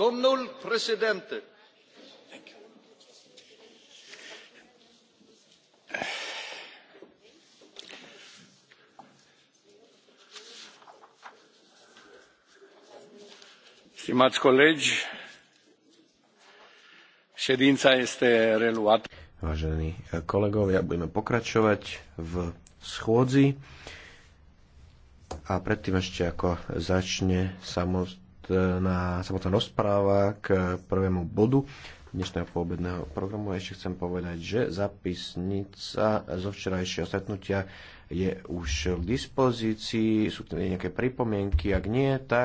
Domnul președinte. Stimați colegi, ședința este reluată. Vážení kolegovia, budeme pokračovať v schôdzi. A predtým ešte ako začne samotný samotná, e, samotná rozpráva k prvému bodu dnešného poobedného programu. Ešte chcem povedať, že zapisnica zo včerajšieho stretnutia je už k dispozícii. Sú tam nejaké pripomienky? Ak nie, tak